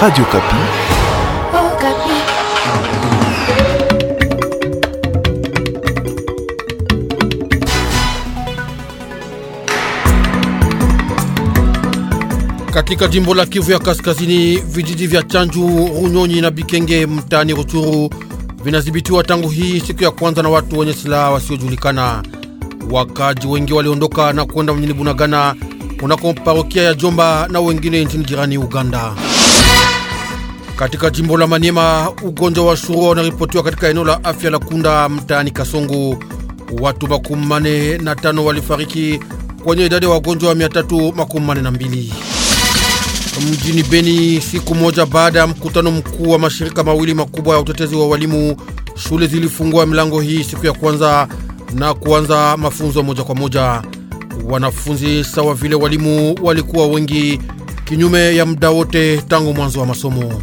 Radio Kapi. Oh, Kapi. Katika jimbo la Kivu ya Kaskazini, vijiji vya Chanju, Runyonyi na Bikenge mtaani Ruchuru vinadhibitiwa tangu hii siku ya kwanza na watu wenye silaha wasiojulikana. Wakaji wengi waliondoka na kwenda mjini Bunagana kunako parokia ya Jomba na wengine nchini jirani Uganda. Katika jimbo la Maniema, ugonjwa wa shurua unaripotiwa katika eneo la afya la Kunda mtaani Kasongo. Watu makumi manne na tano walifariki kwenye idadi ya wagonjwa wa mia tatu makumi manne na mbili mjini Beni. Siku moja baada ya mkutano mkuu wa mashirika mawili makubwa ya utetezi wa walimu, shule zilifungua milango hii siku ya kwanza na kuanza mafunzo moja kwa moja. Wanafunzi sawa vile walimu walikuwa wengi kinyume ya muda wote tangu mwanzo wa masomo.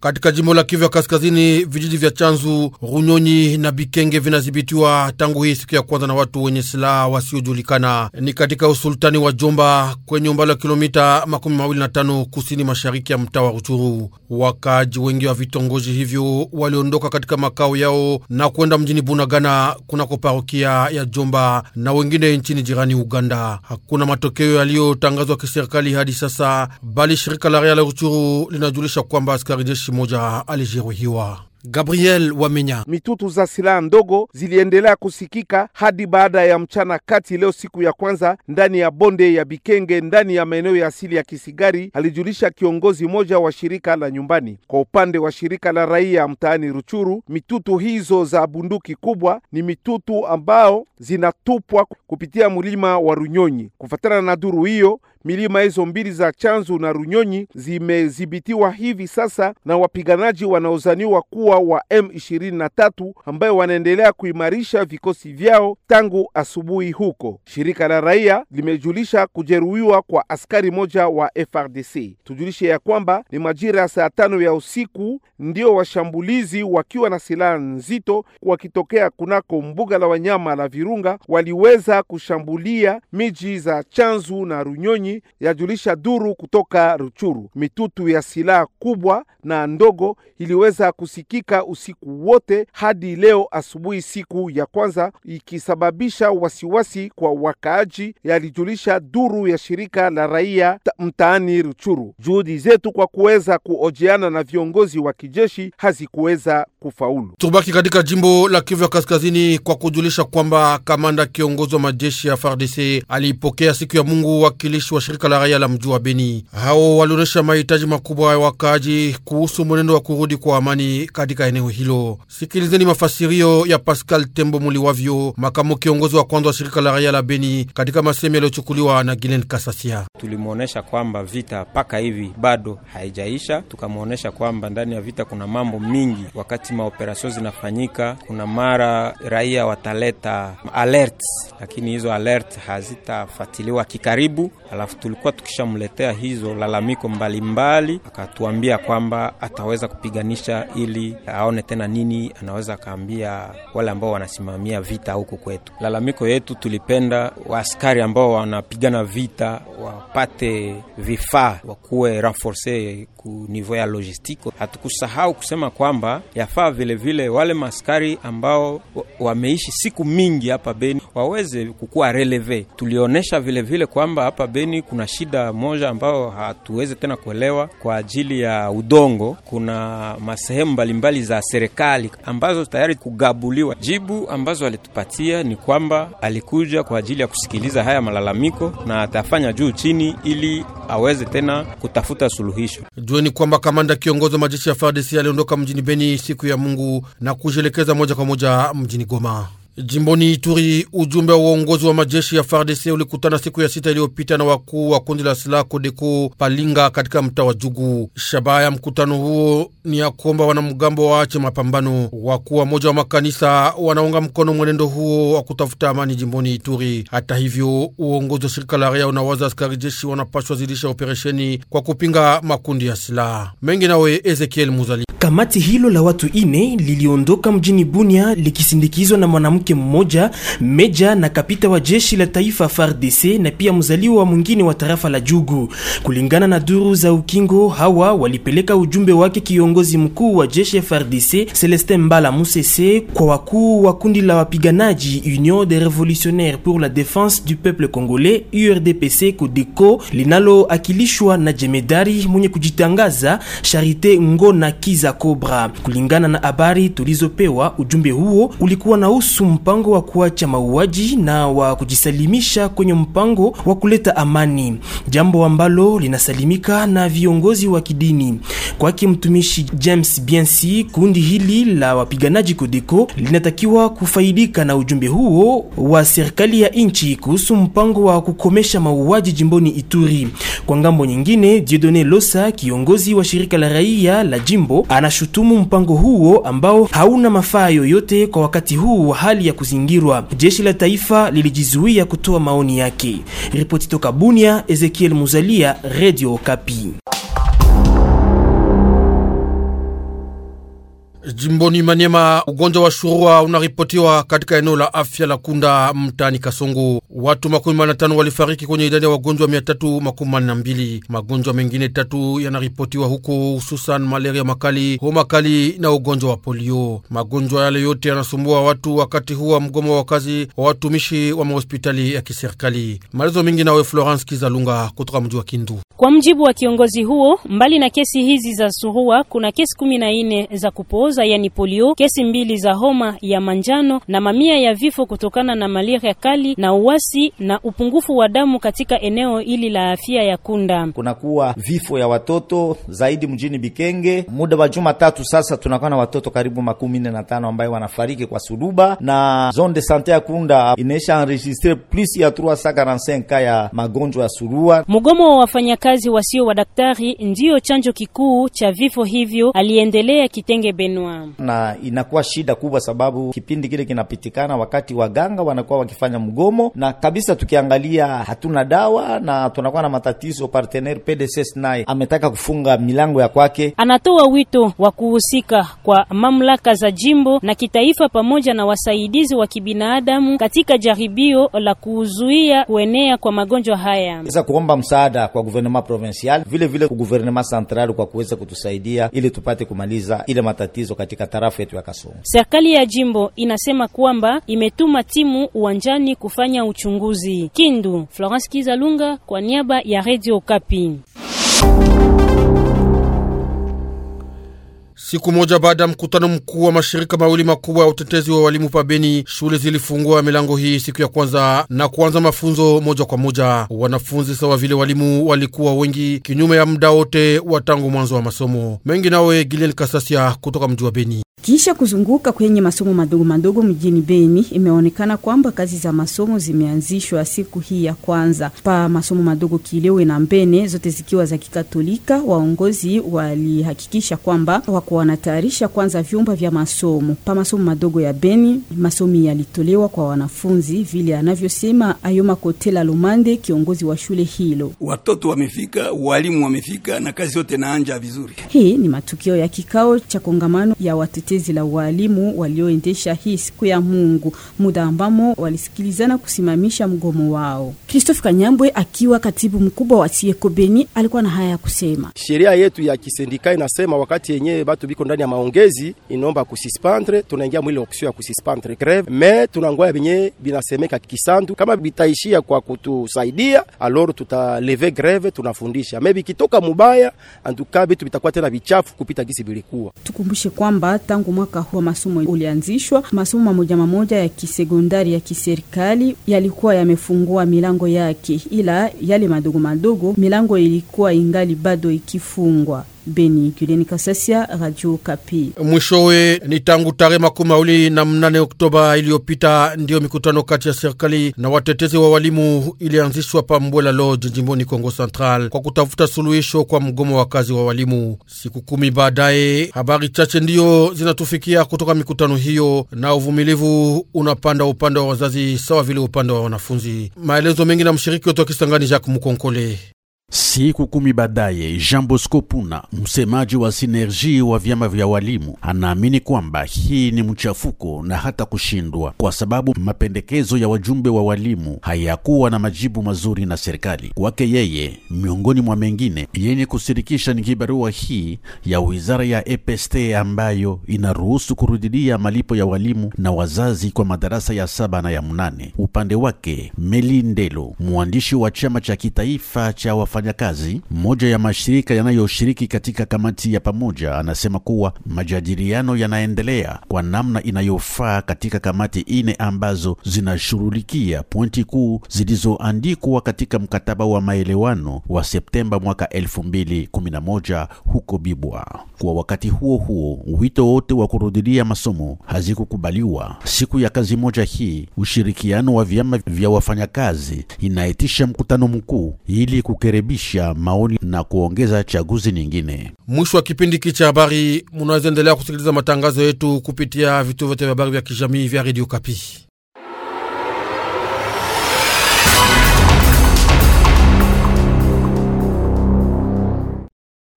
Katika jimbo la Kivu ya Kaskazini, vijiji vya Chanzu, Runyonyi na Bikenge vinadhibitiwa tangu hii siku ya kwanza na watu wenye silaha wasiojulikana. Ni katika usultani wa Jomba kwenye umbali wa kilomita makumi mawili na tano kusini mashariki ya mtaa wa Ruchuru. Wakaaji wengi wa vitongoji hivyo waliondoka katika makao yao na kwenda mjini Bunagana kunako parokia ya Jomba na wengine nchini jirani Uganda. Hakuna matokeo yaliyotangazwa kiserikali hadi sasa, bali shirika la raia la Ruchuru linajulisha kwamba askari jeshi mwanajeshi mmoja alijeruhiwa. Gabriel Wamenya. Mitutu za silaha ndogo ziliendelea kusikika hadi baada ya mchana kati leo, siku ya kwanza ndani ya bonde ya Bikenge ndani ya maeneo ya asili ya Kisigari, alijulisha kiongozi mmoja wa shirika la nyumbani. Kwa upande wa shirika la raia mtaani Ruchuru, mitutu hizo za bunduki kubwa ni mitutu ambao zinatupwa kupitia mlima wa Runyonyi. Kufatana na duru hiyo Milima hizo mbili za Chanzu na Runyonyi zimedhibitiwa hivi sasa na wapiganaji wanaozaniwa kuwa wa M23 ambayo wanaendelea kuimarisha vikosi vyao tangu asubuhi huko. Shirika la raia limejulisha kujeruhiwa kwa askari moja wa FRDC. Tujulishe ya kwamba ni majira ya saa tano ya usiku ndio washambulizi wakiwa na silaha nzito wakitokea kunako mbuga la wanyama la Virunga waliweza kushambulia miji za Chanzu na Runyonyi Kamunyi, yajulisha duru kutoka Ruchuru. Mitutu ya silaha kubwa na ndogo iliweza kusikika usiku wote hadi leo asubuhi, siku ya kwanza, ikisababisha wasiwasi kwa wakaaji, yalijulisha duru ya shirika la raia mtaani Ruchuru. Juhudi zetu kwa kuweza kuojeana na viongozi wa kijeshi hazikuweza kufaulu. Tubaki katika jimbo la Kivu ya Kaskazini kwa kujulisha kwamba kamanda kiongozi wa majeshi ya FARDC alipokea siku ya Mungu wakilishi wa shirika la raia la mji wa Beni. Hao walionyesha mahitaji makubwa ya wakaaji kuhusu mwenendo wa kurudi kwa amani katika eneo hilo. Sikilizeni mafasirio ya Pascal Tembo Muliwavyo, makamu kiongozi wa kwanza wa shirika la raia la Beni, katika masemi yaliyochukuliwa na Gilen Kasasia. Tulimwonyesha kwamba vita mpaka hivi bado haijaisha, tukamwonyesha kwamba ndani ya vita kuna mambo mingi. Wakati maoperasio zinafanyika, kuna mara raia wataleta alert, lakini hizo alert hazitafatiliwa kikaribu ala tulikuwa tukishamletea hizo lalamiko mbalimbali, akatuambia kwamba ataweza kupiganisha ili aone tena nini anaweza akaambia wale ambao wanasimamia vita huku kwetu. Lalamiko yetu tulipenda waaskari ambao wanapigana vita wapate vifaa, wakuwe renforce ku ya logistiko. Hatukusahau kusema kwamba yafaa vilevile wale maskari ambao wameishi siku mingi hapa Beni waweze kukuwa releve. Tulionyesha vilevile kwamba hapa Beni lakini kuna shida moja ambayo hatuwezi tena kuelewa kwa ajili ya udongo. Kuna masehemu mbalimbali za serikali ambazo tayari kugabuliwa. Jibu ambazo alitupatia ni kwamba alikuja kwa ajili ya kusikiliza haya malalamiko na atafanya juu chini ili aweze tena kutafuta suluhisho. Jueni kwamba kamanda kiongozi wa majeshi ya FARDC aliondoka mjini Beni siku ya Mungu na kujielekeza moja kwa moja mjini Goma. Jimboni Ituri, ujumbe wa uongozi wa majeshi ya FARDC ulikutana siku ya sita iliyopita na wakuu wa kundi la silaha Kodeko Palinga katika mtaa wa Jugu. Shabaha ya mkutano huo ni ya kuomba wanamgambo waache mapambano. Wakuu wa moja wa makanisa wanaunga mkono mwenendo huo wa kutafuta amani jimboni Ituri. Hata hivyo, uongozi wa shirika la raia unawaza askari jeshi wanapashwa zidisha operesheni kwa kupinga makundi ya silaha mengi. Nawe Ezekiel Muzali. Kamati hilo la watu ine liliondoka mjini Bunia likisindikizwa na mwanamke mwanamke mmoja meja na kapita wa jeshi la taifa FARDC na pia mzaliwa mwingine wa tarafa la Jugu. Kulingana na duru za ukingo, hawa walipeleka ujumbe wake kiongozi mkuu wa jeshi FARDC Celestin Mbala Musese kwa wakuu wa kundi la wapiganaji Union des Revolutionnaires pour la Défense du Peuple Congolais URDPC Codeco linaloakilishwa na jemedari mwenye kujitangaza Charite Ngona Kiza Cobra. Kulingana na habari tulizopewa, ujumbe huo ulikuwa na usu mpango wa kuacha mauaji na wa kujisalimisha kwenye mpango wa kuleta amani, jambo ambalo linasalimika na viongozi wa kidini. Kwake mtumishi James bienc kundi hili la wapiganaji Kodeko linatakiwa kufaidika na ujumbe huo wa serikali ya nchi kuhusu mpango wa kukomesha mauaji jimboni Ituri. Kwa ngambo nyingine, Dieudonne Losa, kiongozi wa shirika la raia la jimbo, anashutumu mpango huo ambao hauna mafaa yoyote kwa wakati huu wa hali ya kuzingirwa. Jeshi la taifa lilijizuia kutoa maoni yake. Ripoti toka Bunia, Ezekiel Muzalia, Radio Kapi. Jimboni manyema ugonjwa wa shurua unaripotiwa katika eneo la afya la Kunda mtaani Kasongo. Watu makumi na tano walifariki kwenye idadi ya wagonjwa mia tatu makumi na mbili. Magonjwa mengine tatu yanaripotiwa huko, hususan malaria makali, homa kali na ugonjwa wa polio. Magonjwa yale yote yanasumbua watu wakati huu wa mgomo wa kazi wa watumishi wa mahospitali ya kiserikali. Maelezo mengi nawe Florence Kizalunga kutoka mji wa Kindu. Kwa mjibu wa kiongozi huo, mbali na kesi hizi za surua, kuna kesi kumi na nne za kupooza kwanza yani polio, kesi mbili za homa ya manjano na mamia ya vifo kutokana na malaria kali na uwasi na upungufu wa damu katika eneo hili la afya ya Kunda. Kunakuwa vifo ya watoto zaidi mjini Bikenge. Muda wa juma tatu sasa tunakuwa na watoto karibu makumi nne na tano ambayo wanafariki kwa suluba, na zone de sante ya Kunda inaisha enregistre plus ya 345 ka ya magonjwa ya surua. Mgomo wa wafanyakazi wasio wa daktari ndiyo chanjo kikuu cha vifo hivyo, aliendelea Kitenge Benua na inakuwa shida kubwa, sababu kipindi kile kinapitikana wakati waganga wanakuwa wakifanya mgomo, na kabisa tukiangalia hatuna dawa na tunakuwa na matatizo. Partenaire PDSS naye ametaka kufunga milango ya kwake, anatoa wito wa kuhusika kwa mamlaka za jimbo na kitaifa pamoja na wasaidizi wa kibinadamu katika jaribio la kuzuia kuenea kwa magonjwa haya. Sasa kuomba msaada kwa gouvernement provincial vile vile kwa gouvernement central kwa kuweza kutusaidia ili tupate kumaliza ile matatizo katika tarafa yetu ya Kasongo. Serikali ya jimbo inasema kwamba imetuma timu uwanjani kufanya uchunguzi. Kindu, Florence Kizalunga kwa niaba ya Radio Kapi. Siku moja baada ya mkutano mkuu wa mashirika mawili makubwa ya utetezi wa walimu pabeni, shule zilifungua milango hii siku ya kwanza na kuanza mafunzo moja kwa moja. Wanafunzi sawa vile walimu walikuwa wengi kinyume ya muda wote wa tangu mwanzo wa masomo mengi. Nawe Gilian Kasasia kutoka mji wa Beni. Kisha kuzunguka kwenye masomo madogo madogo mjini Beni, imeonekana kwamba kazi za masomo zimeanzishwa siku hii ya kwanza pa masomo madogo Kilewe na Mbene, zote zikiwa za Kikatolika. Waongozi walihakikisha kwamba wako wanatayarisha kwanza vyumba vya masomo pa masomo madogo ya Beni. Masomi yalitolewa kwa wanafunzi, vile anavyosema Ayoma Kotela Lumande, kiongozi wa shule hilo. Watoto wamefika, walimu wamefika na kazi yote naanja vizuri. Hii ni matukio ya kikao cha kongamano ya watoto tetezi la walimu walioendesha hii siku ya Mungu, muda ambamo walisikilizana kusimamisha mgomo wao. Christophe Kanyambwe akiwa katibu mkubwa wa siekobeni alikuwa na haya ya kusema. Sheria yetu ya kisindika inasema wakati yenyewe batu biko ndani ya maongezi inaomba kusispandre, tunaingia mwili option ya kusispandre greve, me tunangoya benye binasemeka kisandu kama bitaishia kwa kutusaidia aloro tutaleve greve, tunafundisha me bikitoka mubaya antuka bitu tena vichafu kupita gisi bilikuwa. Tukumbushe kwamba tangu mwaka huu masomo ulianzishwa, masomo mamoja mamoja ya kisekondari ya kiserikali yalikuwa yamefungua milango yake, ila yale madogo madogo milango ilikuwa ingali bado ikifungwa. Beni. Julien Kasasia, Radio Kapi. Mwishowe ni tangu tarehe makumi mawili na mnane Oktoba iliyopita ndiyo mikutano kati ya serikali na watetezi wa walimu ilianzishwa pa Mbwela Lodge jimboni Kongo Central kwa kutafuta suluhisho kwa mgomo wa kazi wa walimu. Siku kumi baadaye, habari chache ndiyo zinatufikia kutoka mikutano hiyo, na uvumilivu unapanda upande wa wazazi sawa vile upande wa wanafunzi. Maelezo mengi na mshiriki wetu wa Kisangani Jacques Mukonkole. Siku kumi baadaye, Jean Bosco Puna, msemaji wa Sinerji wa vyama vya walimu, anaamini kwamba hii ni mchafuko na hata kushindwa, kwa sababu mapendekezo ya wajumbe wa walimu hayakuwa na majibu mazuri na serikali. Kwake yeye, miongoni mwa mengine yenye kusirikisha ni kibarua hii ya wizara ya EPST ambayo inaruhusu kurudilia malipo ya walimu na wazazi kwa madarasa ya saba na ya mnane. Upande wake, Meli Ndelo, mwandishi wa chama cha kitaifa cha wafanyakazi, Mmoja ya mashirika yanayoshiriki katika kamati ya pamoja, anasema kuwa majadiliano yanaendelea kwa namna inayofaa katika kamati ine ambazo zinashughulikia pointi kuu zilizoandikwa katika mkataba wa maelewano wa Septemba mwaka 2011 huko Bibwa. Kwa wakati huo huo, wito wote wa kurudilia masomo hazikukubaliwa. Siku ya kazi moja hii, ushirikiano wa vyama vya wafanyakazi inaitisha mkutano mkuu ili kukerebi kurekebisha maoni na kuongeza chaguzi nyingine. Mwisho wa kipindi hiki cha habari, munaweza endelea kusikiliza matangazo yetu kupitia vituo vyote vya habari vya kijamii vya redio Kapi.